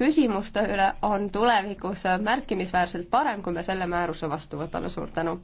küsimuste üle on tulevikus märkimisväärselt parem, kui me selle määruse vastu võtame, suur tänu.